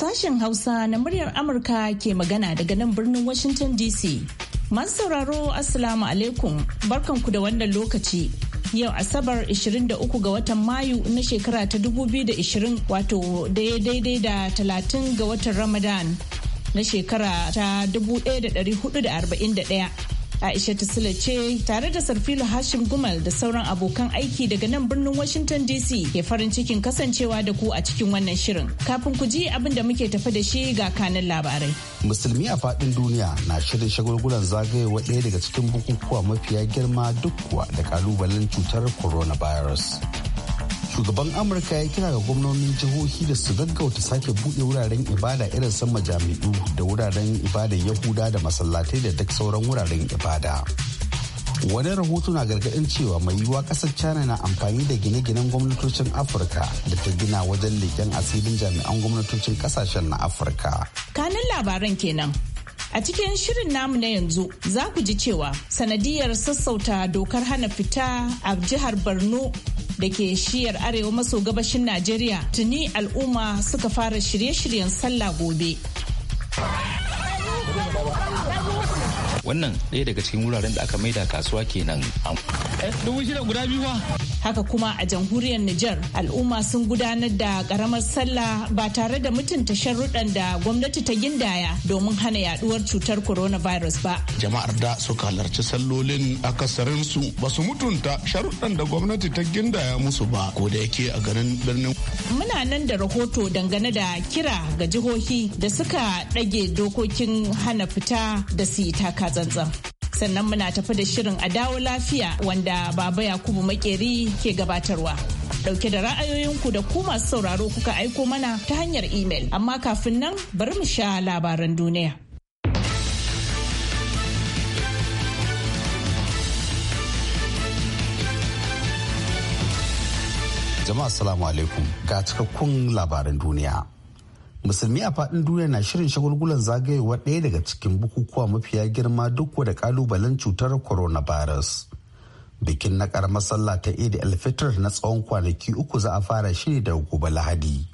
Sashen Hausa na muryar Amurka ke magana daga nan birnin Washington DC. Masu sauraro Assalamu alaikum barkanku da wannan lokaci. Yau Asabar 23 ga watan Mayu na shekara ta 2020 wato daidai da talatin ga watan Ramadan na shekara ta 1441. Aisha Sule ce tare da Sarfilu Hashim Gumal da sauran abokan aiki daga nan birnin Washington DC ke farin cikin kasancewa da ku a cikin wannan shirin. Kafin ku ji abin da muke tafi da shi ga kanin labarai. Musulmi a faɗin duniya na shirin shagulgulan zagayewa ɗaya daga cikin bukukuwa mafiya girma duk kuwa da ƙalubalen cutar coronavirus. shugaban amurka ya kira ga gwamnonin jihohi da su gaggauta sake buɗe wuraren ibada irin san majami'u da wuraren ibada yahuda da masallatai da duk sauran wuraren ibada wani rahoto na gargaɗin cewa mai yiwuwa ƙasar china na amfani da gine-ginen gwamnatocin afirka da ta gina wajen leƙen asirin jami'an gwamnatocin ƙasashen na afirka kanin labaran kenan A cikin shirin namu na yanzu za ku ji cewa sanadiyar sassauta dokar hana fita a jihar Borno da ke shiyar arewa maso gabashin Najeriya tuni al'umma suka fara shirye-shiryen sallah gobe. wannan ɗaya daga cikin wuraren da aka maida kasuwa kenan eh, dubu shida guda biyu haka kuma a jamhuriyar Nijar al'umma sun gudanar da karamar sallah ba tare da mutunta sharruɗan da gwamnati ta gindaya domin hana yaduwar cutar coronavirus ba jama'ar da suka halarci sallolin akasarin su ba su mutunta sharuɗan da gwamnati ta gindaya musu ba ko da yake a garin birnin muna nan da rahoto dangane da kira ga jihohi da suka ɗage dokokin hana fita da su yi tsantsan. Sannan muna tafi da shirin a dawo lafiya wanda Baba Yakubu Makeri ke gabatarwa. Dauke da ra'ayoyinku da ku masu sauraro kuka aiko mana ta hanyar imel. Amma kafin nan bari mu sha labaran duniya. Jama'a salamu alaikum ga cikakkun labaran duniya. musulmi a faɗin duniya na shirin shagulgulan zagayewa ɗaya daga cikin bukukuwa mafiya girma duk da kalubalen cutar coronavirus bikin na karamar sallah ta idi alfitar na tsawon kwanaki uku za a fara shiri da gobe lahadi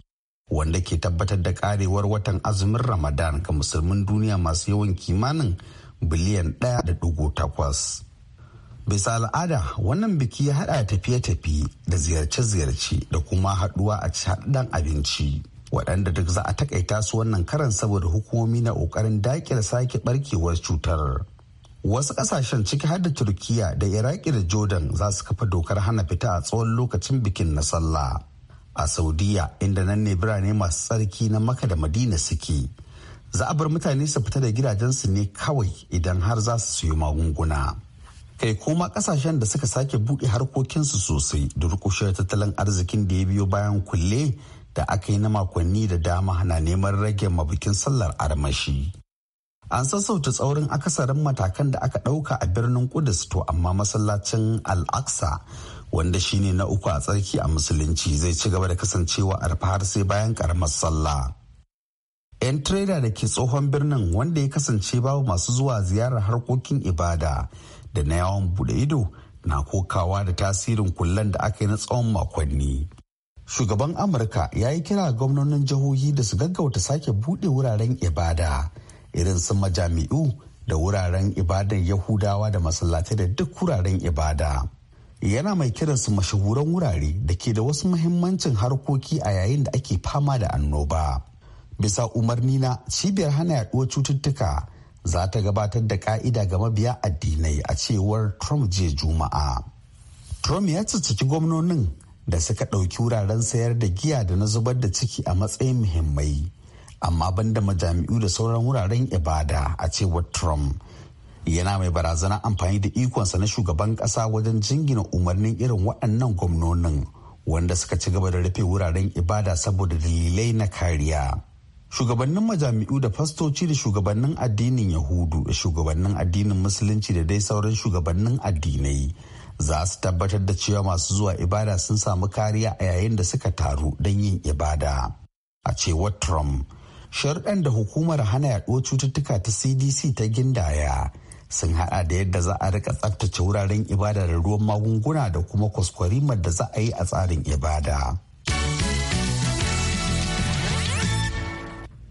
wanda ke tabbatar da karewar watan azumin ramadan ga musulmin duniya masu yawan kimanin biliyan ɗaya da ɗugo takwas bisa al'ada wannan biki ya haɗa tafiye-tafiye da ziyarce-ziyarce da kuma haɗuwa a cikin ci abinci. waɗanda duk za a takaita su wannan karan saboda hukumomi na ƙoƙarin daƙile sake ɓarkewar cutar. Wasu ƙasashen ciki har da turkiyya da Iraki da Jordan za su kafa dokar hana fita a tsawon lokacin bikin na sallah. A Saudiya inda nan ne birane masu tsarki na Maka da Madina suke. Za a bar mutane su fita da gidajensu ne kawai idan har za su siyo magunguna. kai koma ƙasashen da suka sake buɗe harkokinsu sosai da tattalin arzikin da ya biyo bayan kulle da aka yi na makonni da dama na neman rage mabukin sallar armashi. An sassauta tsaurin akasarin matakan da aka ɗauka a birnin Kudus to amma masallacin Al-Aqsa wanda shine na uku a tsarki a musulunci zai ci gaba da kasancewa arfa har sai bayan karamar sallah. 'Yan trader da ke tsohon birnin wanda ya kasance babu masu zuwa ziyarar harkokin ibada da na yawon bude ido na kokawa da tasirin kullen da aka yi na tsawon makonni. shugaban amurka ya yi kira gwamnonin jihohi da su gaggauta sake buɗe wuraren ibada irin su majami'u da wuraren ibadan yahudawa da masallatai da duk wuraren ibada yana mai kiran su mashahuran wurare da ke da wasu muhimmancin harkoki a yayin da ake fama da annoba bisa umarni na cibiyar hana yaduwar cututtuka za ta gabatar da ka'ida ga mabiya addinai a cewar trump jiya juma'a trump ya cicciki gwamnonin da suka ɗauki wuraren sayar da giya da na zubar da ciki a matsayin muhimmai amma ban da majami'u da sauran wuraren ibada a cewar trump yana mai barazana amfani da ikonsa na shugaban ƙasa wajen jingina umarnin irin waɗannan gwamnonin wanda suka ci gaba da rufe wuraren ibada saboda dalilai na kariya shugabannin majami'u da fastoci da shugabannin addinin yahudu da shugabannin addinin musulunci da dai sauran shugabannin addinai za su tabbatar da cewa masu zuwa ibada sun samu kariya a yayin da suka taru don yin ibada a cewar trump sharuɗan da hukumar hana yaɗuwar cututtuka ta cdc ta gindaya sun hada da yadda za a rika tsaftace wuraren ibada da ruwan magunguna da kuma kwaskwarimar da za a yi a tsarin ibada.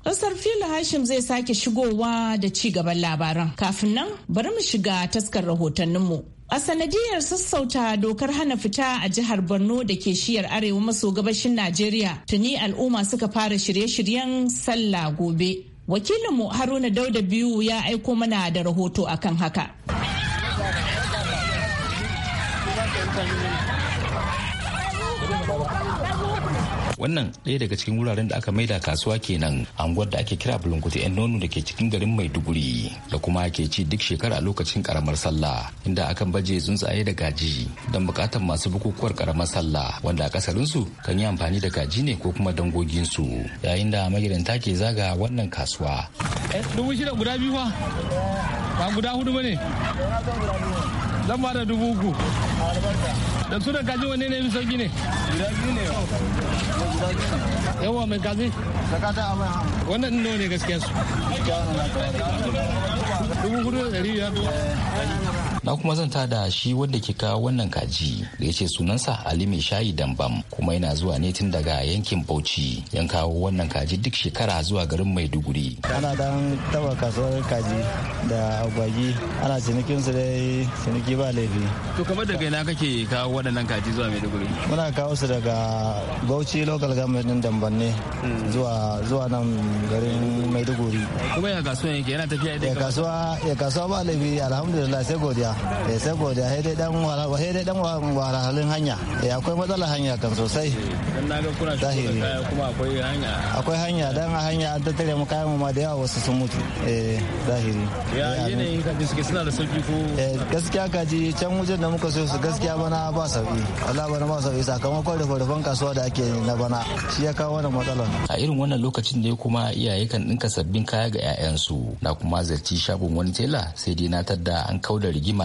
Kasar fili Hashim zai sake shigowa da ci gaban labaran. Kafin nan, bari mu shiga taskar rahotanninmu. A sanadiyar sassauta dokar hana fita a jihar Borno da ke shiyar arewa maso gabashin Najeriya tuni al'umma suka fara shirye-shiryen sallah gobe. Wakilinmu Haruna Dauda biyu ya aiko mana da rahoto akan haka. wannan ɗaya daga cikin wuraren da aka maida kasuwa kenan anguwar da ake kira bulunkutu yan nono da ke cikin garin maiduguri da kuma ake ci duk shekara a lokacin karamar sallah inda akan baje tsuntsaye da gaji don bukatar masu bukukuwar karamar sallah wanda akasarin su kan yi amfani da gaji ne ko kuma dangogin su yayin da magidanta ke zaga wannan kasuwa. Eh, dubu shida guda biyu fa ba guda hudu ba ne zan ba da dubu uku da su da kaji wani ne bisa gine guda biyu ne yawa mai kaji a mai hannu. wannan ɗin ne gaskiya su dubu hudu da ɗari biyar eh, eh, na kuma ta da shi wanda ke kawo wannan kaji da ya ce sunansa ali mai shayi dambam kuma yana zuwa ne tun daga yankin bauchi yan kawo wannan kaji duk shekara zuwa garin maiduguri ana dan taba kasuwar kaji da agwagi ana cinikin su dai ciniki ba laifi to kamar daga ina kake kawo waɗannan kaji zuwa maiduguri muna kawo su daga bauchi local government din ne hmm. zuwa zuwa nan garin maiduguri kuma ya kasuwa yake yana tafiya da kasuwa ya kasuwa ba laifi alhamdulillah sai godiya Eh, saboda sai dai dan wahalhalun hanya eh, akwai matsalar hanya kan sosai zahiri akwai hanya dan a hanya an tattare mu kayan mu ma da yawa wasu sun mutu eh, zahiri ya yi ne yanayin kaji suke suna da sauki ko gaskiya kaji can wajen da muka so su gaskiya bana ba sauki Allah bana ba sauki sakamakon rufe-rufen kasuwa da ake na bana shi ya kawo wannan matsalar a irin wannan lokacin ne kuma iyaye kan dinka sabbin kaya ga 'ya'yansu na kuma zarci shagon wani tela sai dai na tadda an kauda rigima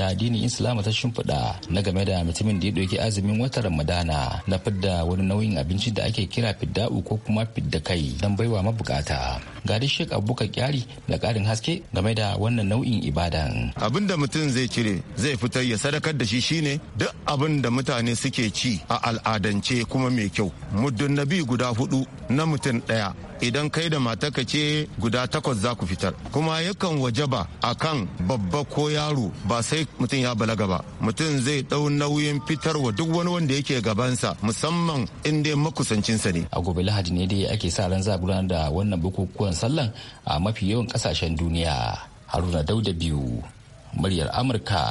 da addinin islama ta shimfiɗa na game da mutumin da ya ɗauki azumin watan ramadana na fidda wani nauyin abinci da ake kira fidda'u ko kuma fidda kai don baiwa mabukata da shek abubakar kyari da ƙarin haske game da wannan nau'in ibadan abin da mutum zai cire zai fitar ya sadakar da shi shine duk abin da mutane suke ci a al'adance kuma mai kyau muddin nabi guda hudu na mutum ɗaya idan kai da ka ce guda takwas za ku fitar kuma yakan wajaba a kan babba ko yaro ba sai mutum ya balaga ba mutum zai dau nauyin fitarwa duk wani wanda yake gabansa musamman in dai makusancinsa ne a gobe lahadi ne dai ake sa ran za gudanar da wannan bukukuwan sallan a mafi yawan kasashen duniya haruna dauda biyu muryar amurka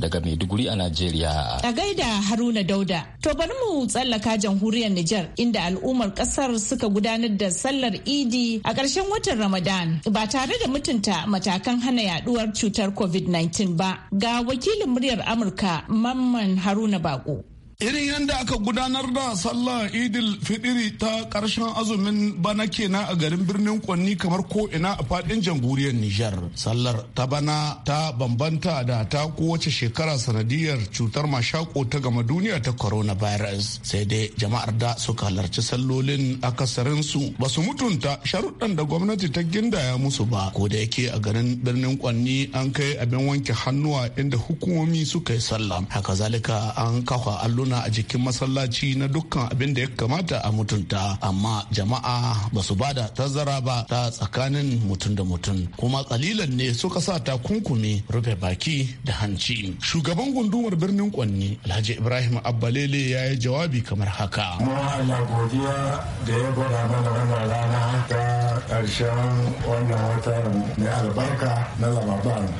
daga Maiduguri a Najeriya. A gaida Haruna Dauda. To bari mu tsallaka jamhuriyar Nijar inda al'ummar kasar suka gudanar da sallar Idi a ƙarshen watan Ramadan ba tare da mutunta matakan hana yaduwar cutar COVID-19 ba. Ga wakilin muryar Amurka Mamman Haruna Bako. irin yadda aka gudanar da sallah idil fitiri ta karshen azumin bana kenan a garin birnin kwanni kamar ko ina a fadin jamhuriyar nijar sallar ta bana ta bambanta da ta kowace shekara sanadiyar cutar mashako ta gama duniya ta coronavirus sai dai jama'ar da suka halarci sallolin akasarinsu su ba su mutunta sharuɗan da gwamnati ta gindaya musu ba ko da yake a garin birnin kwanni an kai abin wanke hannuwa inda hukumomi suka yi sallah haka zalika an kafa allon zauna a jikin masallaci na dukkan abin da ya kamata a mutunta amma jama'a ba su bada tazara ba ta tsakanin mutum da mutum kuma kalilan ne suka sa ta takunkumi rufe baki da hanci shugaban gundumar birnin kwanni alhaji ibrahim abbalele ya yi jawabi kamar haka godiya da ya mana ƙarshen wannan watan mai albarka na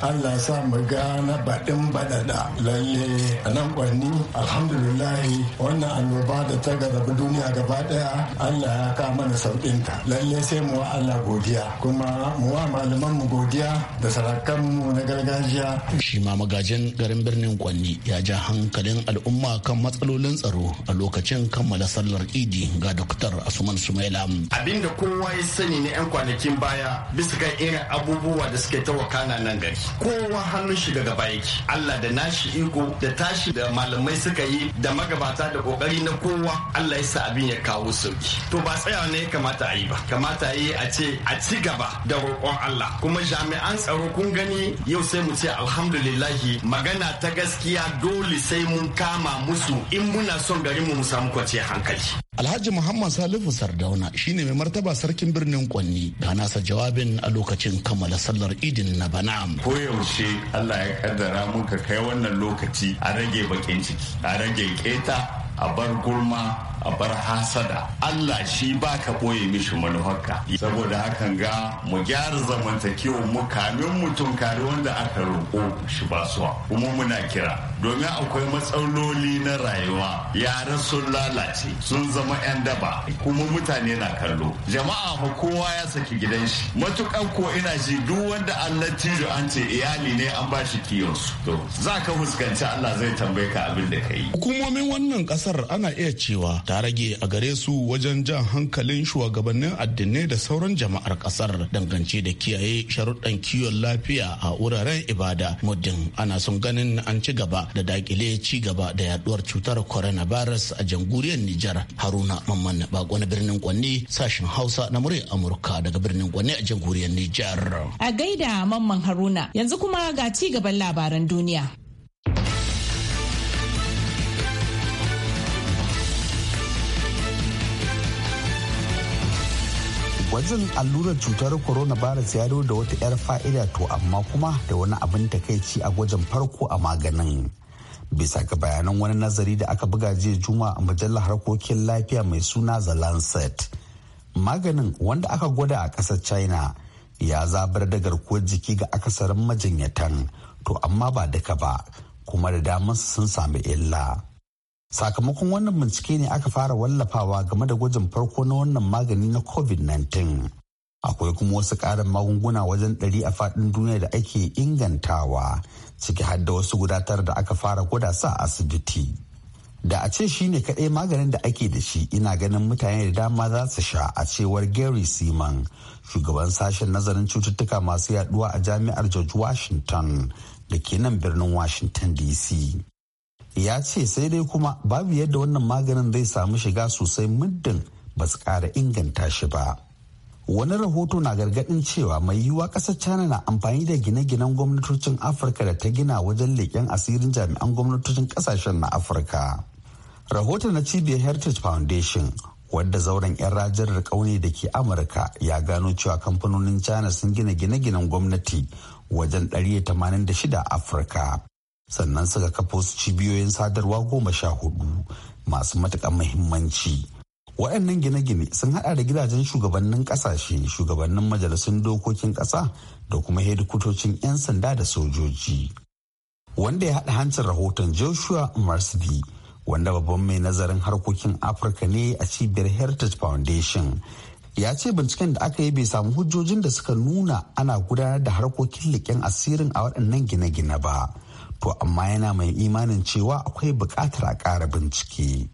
allah sa mu ga na baɗin baɗaɗa lalle a nan kwanni alhamdulillah alhamdulillahi wannan annoba da ta garabi duniya gaba daya Allah ya ka mana saukin ta lalle sai mu wa Allah godiya kuma mu wa malaman mu godiya da sarakan mu na gargajiya shi ma magajin garin birnin Kwanni ya ja hankalin al'umma kan matsalolin tsaro a lokacin kammala sallar Idi ga Dr. Asuman Sumaila abinda kowa ya sani ne yan kwanakin baya bisa kan irin abubuwa da suke ta wakana nan gari kowa hannun shi daga baya yake Allah da nashi iko da tashi da malamai suka yi da magabata da kokari na kowa Allah ya sa abin ya kawo sauki to ba tsayawa ne kamata a yi ba kamata yi a ce a ci gaba da roƙon Allah kuma jami'an tsaro kun gani yau sai mu ce alhamdulillahi magana ta gaskiya dole sai mun kama musu in muna son garin mu mu samu kwanciyar hankali Alhaji Muhammad Salihu Sardauna shine mai martaba sarkin birnin Kwanni da nasa jawabin a lokacin kammala sallar idin na bana. Koyaushe Allah ya kaddara muka kai wannan lokaci a rage bakin ciki, a rage keta, a bar gurma a bar hasada Allah shi ba ka ɓoye mishi manufarka saboda hakan ga mu gyara zamantakewa mu kamin mutum kare wanda aka roƙo shi basuwa kuma muna kira domin akwai matsaloli na rayuwa yara sun lalace sun zama 'yan daba kuma mutane na kallo jama'a ma kowa ya saki gidan shi matukan ko ina ji duk wanda allah tijo an ce iyali ne an bashi kiyonsu to za ka fuskanci allah zai tambaye ka abin da ka yi hukumomin wannan kasar ana iya cewa ta rage a gare su wajen jan hankalin shugabannin addinai da sauran jama'ar kasar dangance da kiyaye sharuɗan kiwon lafiya a wuraren ibada muddin ana son ganin an ci gaba da dakile ci gaba da yaduwar cutar coronavirus a jamhuriyar Nijar Haruna Mamman Bako na birnin Kwanni sashin Hausa na murya Amurka daga birnin Kwanni a jamhuriyar Nijar. A gaida Mamman Haruna yanzu kuma ga ci gaban labaran duniya. wajen allurar cutar coronavirus ya da wata 'yar fa'ida to amma kuma da wani abin takaici a gwajin farko a maganin bisa ga bayanan wani nazari da aka buga jiya juma a mujallar harkokin lafiya mai suna the lancet maganin wanda aka gwada a ƙasar china ya zabar da garkuwar jiki ga akasarin majinyatan to amma ba duka ba kuma da damansu sun sami illa sakamakon wannan bincike ne aka fara wallafawa game da gwajin farko na wannan magani na covid-19 akwai kuma wasu ƙarin magunguna wajen ɗari a faɗin duniya da ake ingantawa ciki har da wasu gudatar da aka fara gwada sa asibiti da a ce shi ne kaɗai maganin da ake da shi ina ganin mutane da dama za su sha a cewar gary seaman shugaban sashen nazarin cututtuka masu yaduwa a jami'ar george washington da ke nan birnin washington dc ya ce sai dai kuma babu yadda wannan maganin zai samu shiga sosai muddin ba su ƙara inganta shi ba wani rahoto na gargaɗin cewa mai yiwuwa ƙasar china na amfani da gine-ginen gwamnatocin afirka da ta gina wajen leƙen asirin jami'an gwamnatocin ƙasashen na afirka rahoto na cibiyar heritage foundation wadda zauren 'yan rajar ƙauye da ke amurka ya gano cewa kamfanonin china sun gina gine-ginen gwamnati wajen 186 a afirka sannan suka kafa wasu cibiyoyin sadarwa goma sha hudu masu matukan mahimmanci waɗannan gine-gine sun haɗa da gidajen shugabannin ƙasashe shugabannin majalisun dokokin ƙasa da kuma hedikutocin 'yan sanda da sojoji wanda ya haɗa hancin rahoton joshua marsdi wanda babban mai nazarin harkokin afirka ne a cibiyar heritage foundation ya ce binciken da aka yi bai samu hujjojin da suka nuna ana gudanar da harkokin liƙen asirin a waɗannan gine-gine ba to amma yana mai imanin cewa akwai buƙatar a ƙara bincike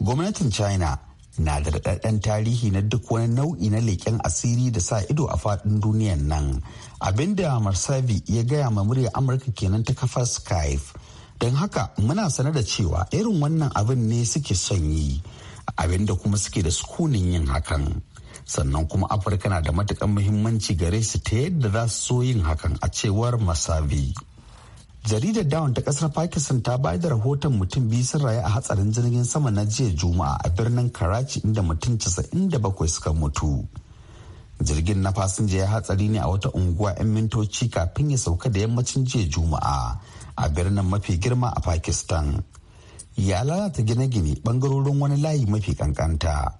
gwamnatin china na da daɗaɗɗen tarihi na duk wani nau'i na leƙen asiri da sa ido a faɗin duniyan nan abinda Marsabi ya gaya ma murya amurka kenan ta kafa skype don haka muna sane da cewa irin wannan abin ne suke son yi abin da kuma suke da sukunin yin hakan sannan kuma afirka na da matuƙar muhimmanci gare su ta yadda za su so yin hakan a cewar masavi jaridar dawon ta kasar pakistan ta bayar da rahoton mutum biyu sun rayu a hatsarin jirgin sama na jiya juma'a a birnin karachi inda mutum bakwai suka mutu jirgin na fasinja ya hatsari ne a wata unguwa 'yan mintoci kafin ya sauka da yammacin jiya juma'a a birnin mafi girma a pakistan ya lalata gine-gine bangarorin wani layi mafi kankanta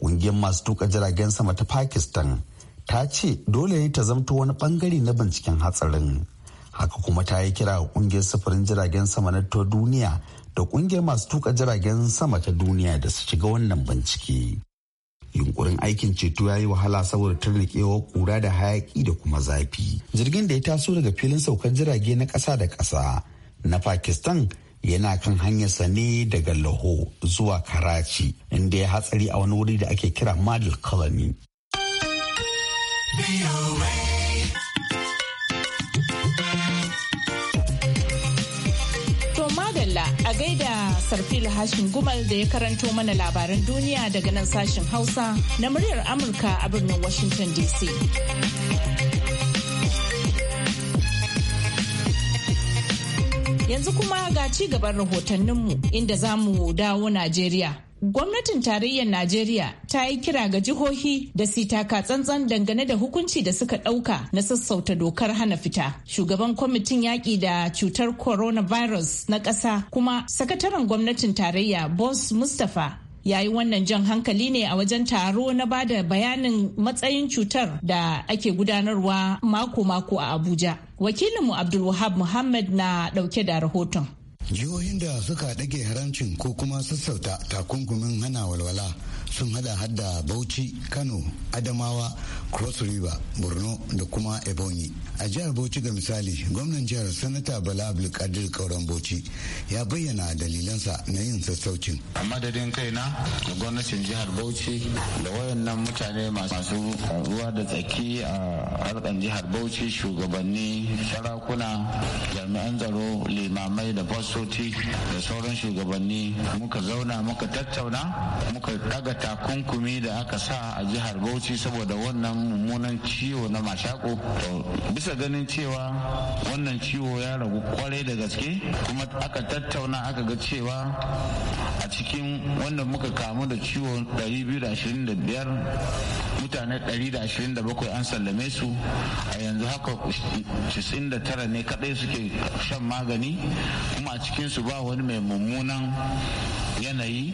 ƙungiyar masu tuka jiragen sama ta pakistan ta ce dole ne ta zamto wani bangare na binciken hatsarin haka kuma ta yi kira ga kungiyar sufurin jiragen sama na ta duniya da kungiyar masu tuka jiragen sama ta duniya da su shiga wannan bincike yunkurin aikin ceto ya yi wahala saboda turnikewar kura da hayaki da kuma zafi jirgin da ya taso daga filin saukar jirage na ƙasa da ƙasa na pakistan yana kan hanyarsa ne daga laho zuwa karachi inda ya hatsari a wani wuri da ake kira madal colony. gaida Sarfil hashin Gumal da ya karanto mana labaran duniya daga nan sashin Hausa na muryar Amurka a birnin Washington DC. Yanzu kuma ga ci gaban rahotanninmu inda za mu dawo Najeriya. Gwamnatin tarayyar Najeriya ta yi kira ga jihohi da sitaka tsantsan dangane da hukunci da suka ɗauka na sassauta dokar hana fita. Shugaban kwamitin yaƙi da cutar coronavirus na ƙasa kuma sakataren gwamnatin tarayya Boss Mustapha ya yi wannan jan hankali ne a wajen taro na ba da bayanin matsayin cutar da ake gudanarwa mako-mako a Abuja. Wakilinmu Abdulwahab Muhammad na dauke da rahoton. jihohin da suka ɗage haramcin ko kuma sassauta takunkumin hana walwala sun hada hada bauchi kano adamawa cross river borno da kuma ebonyi a jihar bauchi ga misali gwamnan jihar sanata bala abdulkadir kauran bauchi ya bayyana dalilansa na yin sassaucin a madadin kaina da gwamnatin jihar bauchi da wayannan mutane masu ruwa da tsaki a harkar jihar bauchi shugabanni sarakuna jami'an tsaro limamai da fasoti da sauran shugabanni muka zauna muka tattauna muka daga takunkumi da aka sa a jihar bauchi saboda wannan mummunan ciwo na mashako to bisa ganin cewa wannan ciwo ya ragu kwarai da gaske kuma aka tattauna aka ga cewa a cikin wanda muka kamu da ciwo 225 mutane 127 an sallame su a yanzu haka 99 ne kadai suke shan magani kuma a cikinsu ba wani mai mummunan yanayi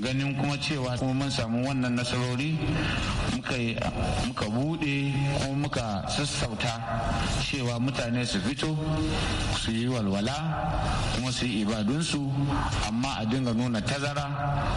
ganin kuma cewa kuma mun samu wannan nasarori muka bude kuma muka sassauta cewa mutane su fito su yi walwala kuma su yi ibadunsu amma a dinga nuna tazara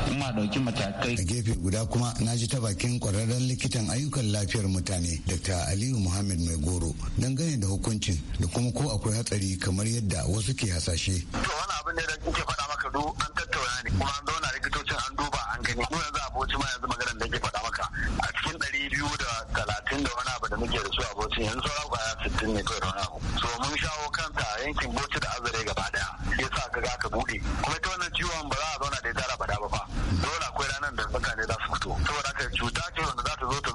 kuma dauki matakai a gefe guda kuma na ji ta bakin kwararren likitan ayyukan lafiyar mutane dr aliyu muhammad mai goro dangane da hukuncin da kuma ko akwai hatsari kamar yadda wasu ke hasashe to wani abin da kuke faɗa maka du an tattauna ne kuma an zauna likitocin an duba an gani ko yanzu aboci ma yanzu maganar da ke faɗa maka a cikin ɗari biyu da talatin da wani abu da muke da su abocin yanzu sauran kwaya sittin ne kawai da wani abu so mun shawo kanta yankin boci da azare gaba ɗaya ya sa ka ga ka buɗe kuma ita wannan ciwon ba za a zauna da ita ba da ba dole akwai ranar da mutane za su fito saboda haka cuta ce wanda za ta zo ta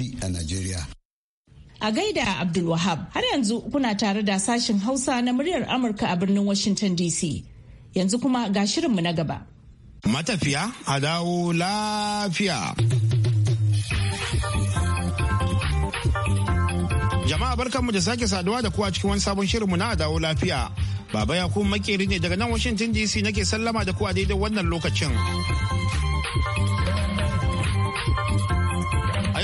shi a Najeriya. A gaida Abdulwahab har yanzu kuna tare da sashen Hausa na muryar Amurka a birnin Washington DC. Yanzu kuma ga shirinmu na gaba. Matafiya a dawo lafiya. Jama'a barkanmu da sake saduwa da kuwa cikin wani sabon shirinmu na dawo lafiya. Baba ya kuma makeri ne daga nan Washington DC nake sallama da ku a daidai wannan lokacin.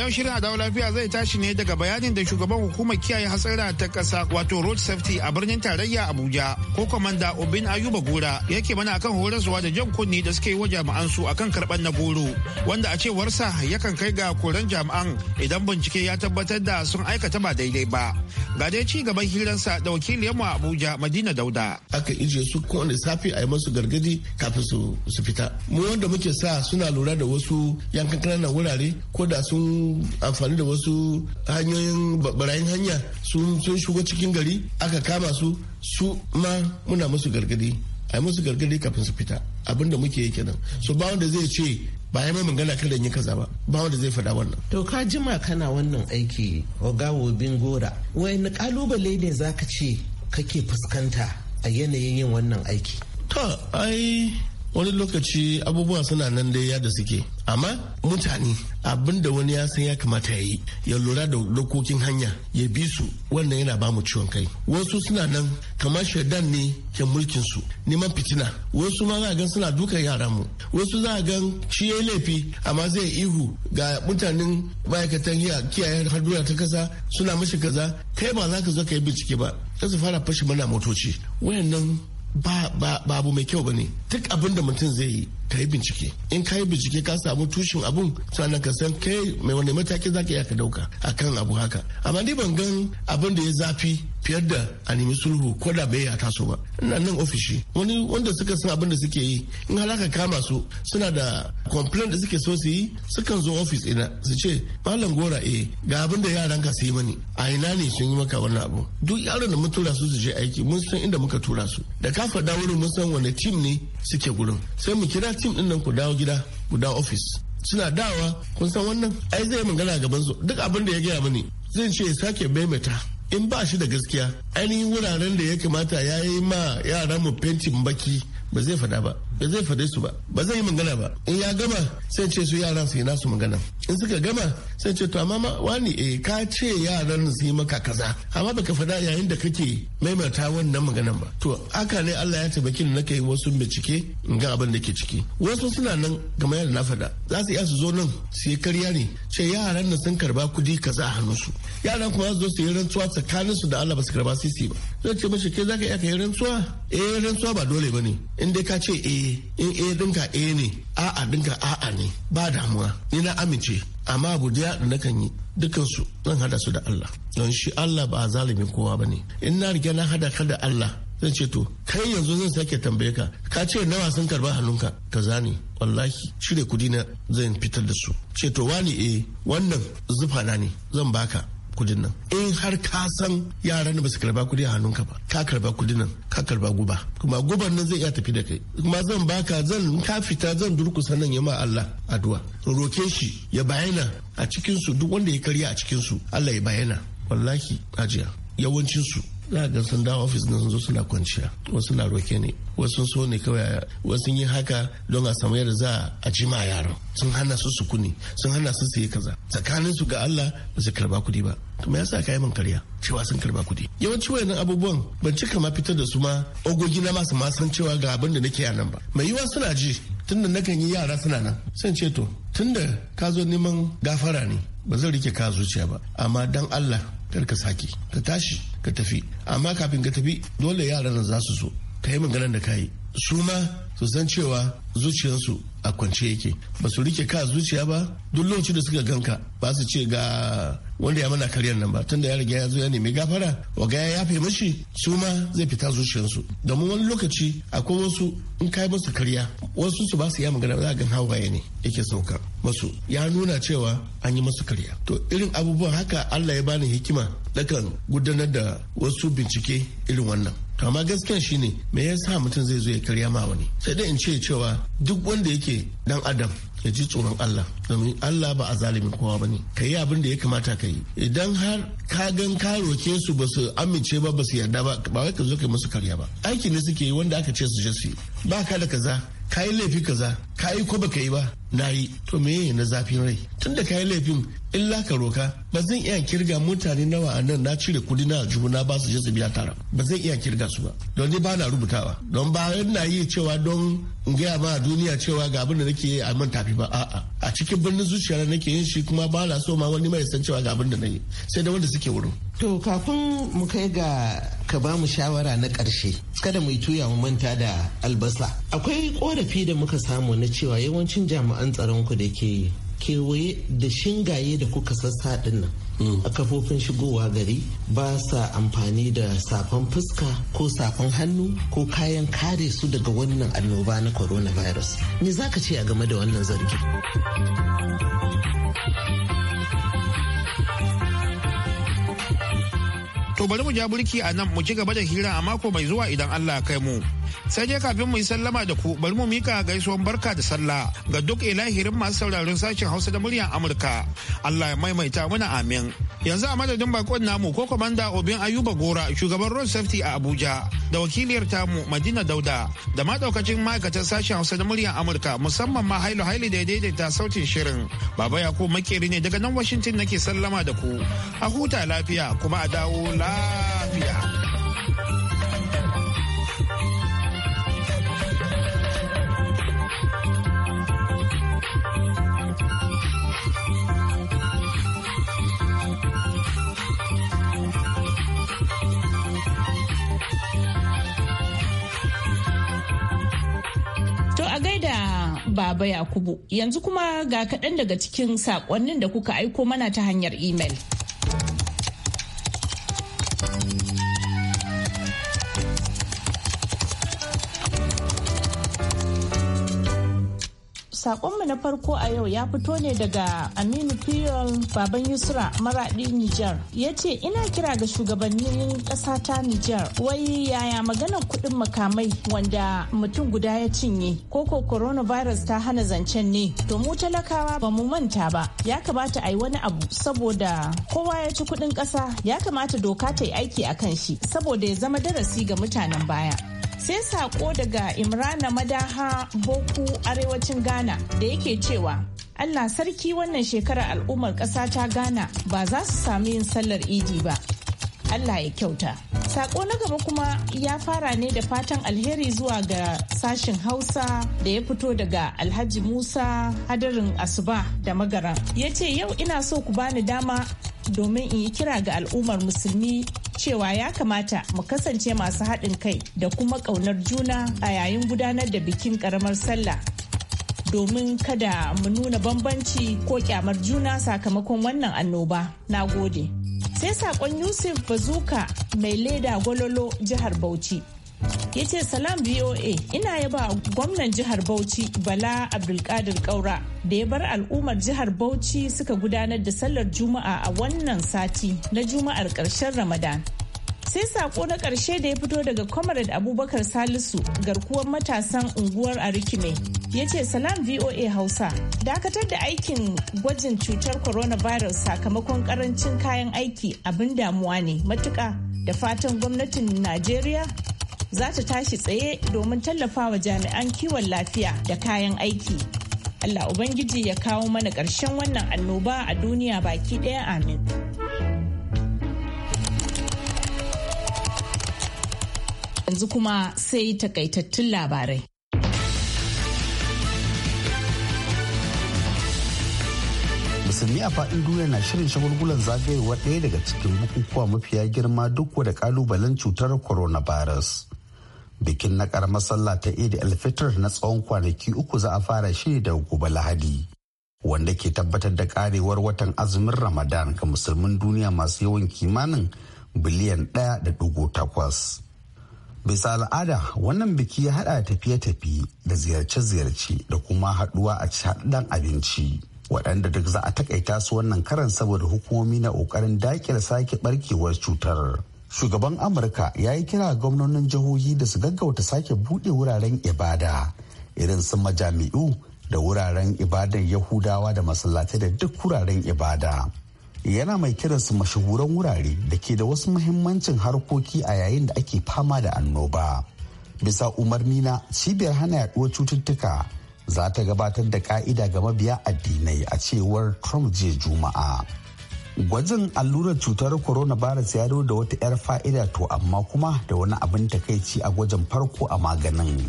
yau shirin a lafiya zai tashi ne daga bayanin da shugaban hukumar kiyaye hatsara ta kasa wato road safety a birnin tarayya abuja ko kwamanda obin ayuba gora yake mana akan horaswa da jan kunni da suke yi wa jami'an su akan karɓar na goro wanda a cewarsa yakan kai ga koran jami'an idan bincike ya tabbatar da sun aikata ba daidai ba ga dai ci gaban hirarsa da wakiliyarmu a abuja madina dauda aka ije su kowane safi a yi masu gargadi kafin su fita mu wanda muke sa suna lura da wasu yankan kananan wurare ko da sun amfani da wasu hanyoyin barayin hanya sun shigo cikin gari aka kama su su ma muna musu gargadi a musu gargadi kafin su fita abinda muke yi kenan so ba wanda zai ce ba ya mai magana kada yi kaza ba ba wanda zai faɗa wannan to ka jima kana wannan aiki ogawo gora wani kalubale ne za ka ce kake fuskanta a yanayin yin wannan aiki to ai wani lokaci abubuwa suna nan dai da suke amma mutane abin da wani ya san ya kamata ya yi ya lura da dokokin hanya ya bi su wannan yana ba mu ciwon kai wasu suna nan kamar shaidan ne ke mulkin su neman fitina wasu ma za a gan suna dukan yara mu wasu za a gan shi ya laifi amma zai yi ihu ga mutanen ma'aikatan kiyaye haduwa ta kasa suna mashi kaza kai ba za ka zo ka yi bincike ba sai su fara fashe mana motoci wayannan ba ba abu mai kyau bane duk abin da mutum zai yi ka yi bincike in ka yi bincike ka samu tushen abun sannan ka san kai mai wani mataki zaka iya ka dauka akan abu haka amma ni ban gan abin da ya zafi fiye da a nemi sulhu ko da bai ya taso ba ina nan ofishi wani wanda suka san abin da suke yi in halaka kama su suna da complaint da suke so su yi sukan zo ofis ina su ce malam gora eh ga abin da yaran ka sai mani a ina ne sun yi maka wannan abu duk yaran da mun tura su su je aiki mun san inda muka tura su da ka faɗa wurin mun san wani team ne suke gurin sai mu kira team din nan ku dawo gida ku dawo ofis suna dawa kun san wannan ai zai magana gaban su duk abin da ya gaya mani zan ce sake mata in ba shi da gaskiya ainihin wuraren da ya kamata ya yi ma yaran mu fentin baki ba zai faɗa ba ba zai fade su ba ba zai yi magana ba in ya gama sai ce su yaran su yi nasu magana in suka gama sai ce to amma wani eh ka ce yaran su yi maka kaza amma baka fada yayin da kake maimaita wannan maganan ba to haka ne Allah ya taimaki ni kai wasu bincike in ga abin da ke ciki wasu suna nan kamar yadda na fada za su iya su zo nan su yi karya ne ce yaran nan sun karba kudi kaza a su yaran kuma su zo su yi rantsuwa tsakanin su da Allah ba su karba sisi ba zai ce mashi ke zaka iya ka yi rantsuwa eh rantsuwa ba dole ba ne in dai ka ce eh in eh dinka ne a'a dinka a'a ne ba damuwa ni na amince amma abu da na kan yi dukansu zan hada su da Allah don shi Allah ba zalimin kowa ba ne in na riga na hada ka da Allah zan ce to kai yanzu zan sake tambaye ka ka ce nawa sun karba hannunka ka zani wallahi shirya kudi na zan fitar da su ce to wani eh wannan zufa na ne zan baka kudin nan in har ka san yaran da ba su karba kudi a ka ba ka karba kudin nan ka karba guba kuma guban nan zai iya tafi da kai kuma zan baka zan ka fita zan durkusa nan ya ma Allah addu'a roke shi ya bayyana a cikin su duk wanda ya karya a cikin su Allah ya bayyana wallahi ajiya yawancin su za ga sun dawo ofis na sun zo suna kwanciya wasu na roke ne wasu so ne kawai wasu yi haka don a samu yadda za a jima yaran sun hana su kuni sun hana su su yi kaza tsakanin su ga Allah ba su karba kudi ba to me yasa kai mun karya cewa sun karba kuɗi yawanci wayannan abubuwan ban cika ma fitar da su ma ogogi na masu ma san cewa ga abin da nake a nan ba mai yiwa suna ji tunda nakan yi yara suna nan sun ce to tunda ka zo neman gafara ne ba zan rike ka zuciya ba amma dan Allah kar ka sake ka tashi ka tafi amma kafin ka tafi dole yaran na za su zo ka yi maganar da ka yi su ma su san cewa zuciyarsu a kwance yake ba su rike ka zuciya ba duk lokacin da suka ganka ba su ce ga wanda ya mana karyar nan ba tunda ya riga ya zo ya nemi gafara wa gaya ya yafe mashi su ma zai fita zuciyarsu domin wani lokaci akwai wasu in kai musu karya wasu su ba su ya magana za gan hawaye ne yake sauka masu ya nuna cewa an yi musu karya to irin abubuwan haka Allah ya bani hikima dakan gudanar da wasu bincike irin wannan to amma gaskiyan shine me yasa mutum zai zo ya karya ma wani sai dai in ce cewa duk wanda yake dan adam ya ji tsoron Allah domin Allah ba a zalimin kowa ba ne ka yi abin da ya kamata ka yi idan har ka gan ka roke su ba su amince ba ba su yarda ba ba wai ka zo ka musu karya ba aiki ne suke yi wanda aka ce su je su yi ba ka da kaza ka yi laifi kaza ka yi ko baka yi ba na yi to me na zafin rai Tunda ka yi laifin illa ka roka ba zan iya kirga mutane nawa a nan na cire kudi na aljihu na basu jesu biya tara ba zan iya kirga su ba don ni ba na rubutawa don ba na yi cewa don in gaya ma duniya cewa ga abin da nake yi a man tafi ba a'a a cikin birnin zuciya nake yin shi kuma ba na so ma wani mai san cewa ga abin da nayi sai da wanda suke wurin to kafin mu kai ga ka ba mu shawara na karshe kada mu yi tuya mu manta da albasa akwai korafi da muka samu na da cewa yawancin jami'an tsaron ku da ke kewaye da shingaye da kuka sassa nan hmm. a kafofin shigowa gari ba sa amfani da safan fuska ko safan hannu ko kayan kare su daga wannan annoba na coronavirus me za ka ce a game da wannan zargi bari mu ja burki a nan mu ci gaba da hira a mako mai zuwa idan Allah kai mu. Sai dai kafin mu yi sallama da ku bari mu mika gaisuwan barka da sallah ga duk ilahirin masu sauraron sashen Hausa da muryar Amurka. Allah ya maimaita mana amin. Yanzu a madadin bakon namu ko komanda Obin Ayuba Gora shugaban Road Safety a Abuja da wakiliyar tamu Madina Dauda da ma daukacin ma'aikatan sashen Hausa da muryar Amurka musamman ma Hailu Haili da daidaita sautin shirin. Baba Yakubu Makeri ne daga nan Washington nake sallama da ku. A huta lafiya kuma a dawo la. gaida Baba Yakubu. Yanzu kuma ga kaɗan daga cikin saƙonnin da kuka aiko mana ta hanyar imel. Sakonmu na farko a yau ya fito ne daga Aminu Piyol Baban Yusra Maraɗi Nijar. Ya ce ina kira ga shugabannin ƙasa ta Nijar wai yaya maganar kuɗin makamai wanda mutum guda ya cinye koko coronavirus ta hana zancen ne. To mu talakawa ba mu manta ba ya kamata a yi wani abu saboda kowa ya ci kuɗin ƙasa ya kamata doka ta yi aiki a kan shi saboda ya zama darasi ga mutanen baya. sai sako daga imrana madaha boku arewacin ghana da yake cewa allah sarki wannan shekarar al'ummar ƙasa ta ghana ba za su sami yin sallar idi ba Allah ya kyauta. Sako na gaba kuma ya fara ne da fatan alheri zuwa ga sashin Hausa da ya fito daga Alhaji Musa hadarin Asuba da Magara. Ya ce yau ina so ku bani dama domin in yi kira ga al'ummar musulmi cewa ya kamata mu kasance masu haɗin kai da kuma ƙaunar juna a yayin gudanar da bikin ƙaramar sallah. domin kada mu nuna bambanci ko kyamar juna sakamakon wannan annoba. Na gode. sai sakon yusuf bazuka mai leda gwalolo jihar bauchi ya ce salam voa ina yaba gwamnan jihar bauchi bala abdulkadir kaura da ya bar al'ummar jihar bauchi suka gudanar da sallar juma'a a wannan sati na juma'ar ƙarshen ramadan sai sako na ƙarshe da ya fito daga comrade abubakar salisu garkuwar matasan unguwar arikime ya ce salam voa hausa dakatar da aikin gwajin cutar coronavirus sakamakon karancin kayan aiki abin damuwa ne matuka da fatan gwamnatin najeriya za ta tashi tsaye domin tallafawa jami'an kiwon lafiya da kayan aiki allah ubangiji ya kawo mana ƙarshen wannan annoba a duniya baki ɗaya amin Yanzu kuma sai takaitattun labarai. musulmi a faɗin duniya na shirin shagulgulan zagayewar ɗaya daga cikin bukukuwa mafiya girma duk da ƙalubalen cutar coronavirus. bikin na ƙaramar sallah ta Eid al-Fitr na tsawon kwanaki uku za a fara shiri da gobe Lahadi wanda ke tabbatar da karewar watan azumin Ramadan ga musulmin duniya masu yawan kimanin biliyan ɗaya da takwas. bisa al'ada wannan biki ya hada tafiye-tafiye da ziyarce-ziyarce da kuma haduwa a cikin abinci waɗanda duk za a takaita su wannan karan saboda hukumomi na ƙoƙarin daƙile sake barkewar cutar shugaban amurka ya yi kira gwamnonin jihohi da su gaggauta sake buɗe wuraren ibada irin su majami'u da wuraren ibadan yahudawa da masallatai da duk wuraren ibada yana mai kiransu mashahuran wurare da ke da wasu muhimmancin harkoki a yayin da ake fama da annoba. Bisa umarni na cibiyar hana yaduwar cututtuka za ta gabatar da ka'ida ga mabiya addinai a cewar Trump jiya Juma'a. Gwajin allurar cutar corona coronavirus ya da wata 'yar fa'ida to amma kuma da wani abin takaici a gwajin farko a maganin.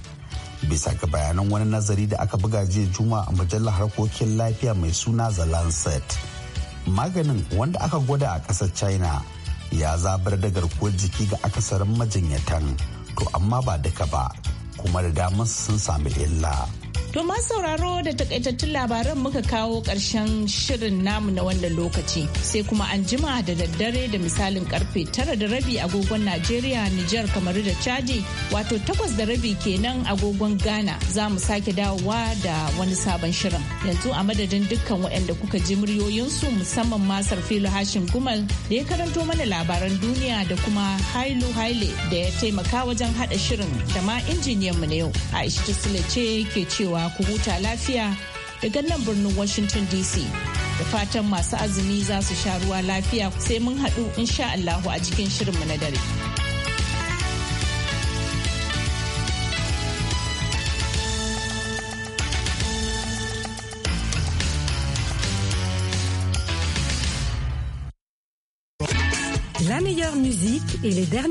Bisa ga bayanan wani nazari da aka buga jiya Juma'a a mujallar harkokin lafiya mai suna The Lancet. maganin wanda aka gwada a ƙasar china ya zabar da garkuwar jiki ga akasarin majinyatan to amma ba duka ba kuma da damar sun sami illa. To masu sauraro da takaitattun labaran muka kawo ƙarshen shirin namu na wannan lokaci sai kuma an jima da daddare da misalin karfe tara da rabi agogon Najeriya, Nijar, kamar da Chadi wato takwas da rabi kenan agogon Ghana za mu sake dawowa da wani sabon shirin. Yanzu a madadin dukkan waɗanda kuka ji muryoyinsu musamman masar filu Hashim Gumal da ya karanto mana labaran duniya da kuma Hailu Haile da ya taimaka wajen haɗa shirin da ma mu na yau. Aisha Sule ce ke cewa cewa ku huta lafiya daga nan birnin Washington DC. Da fatan masu azumi za su sha ruwa lafiya sai mun haɗu insha Allahu a cikin shirinmu na dare. La meilleure musique et les derniers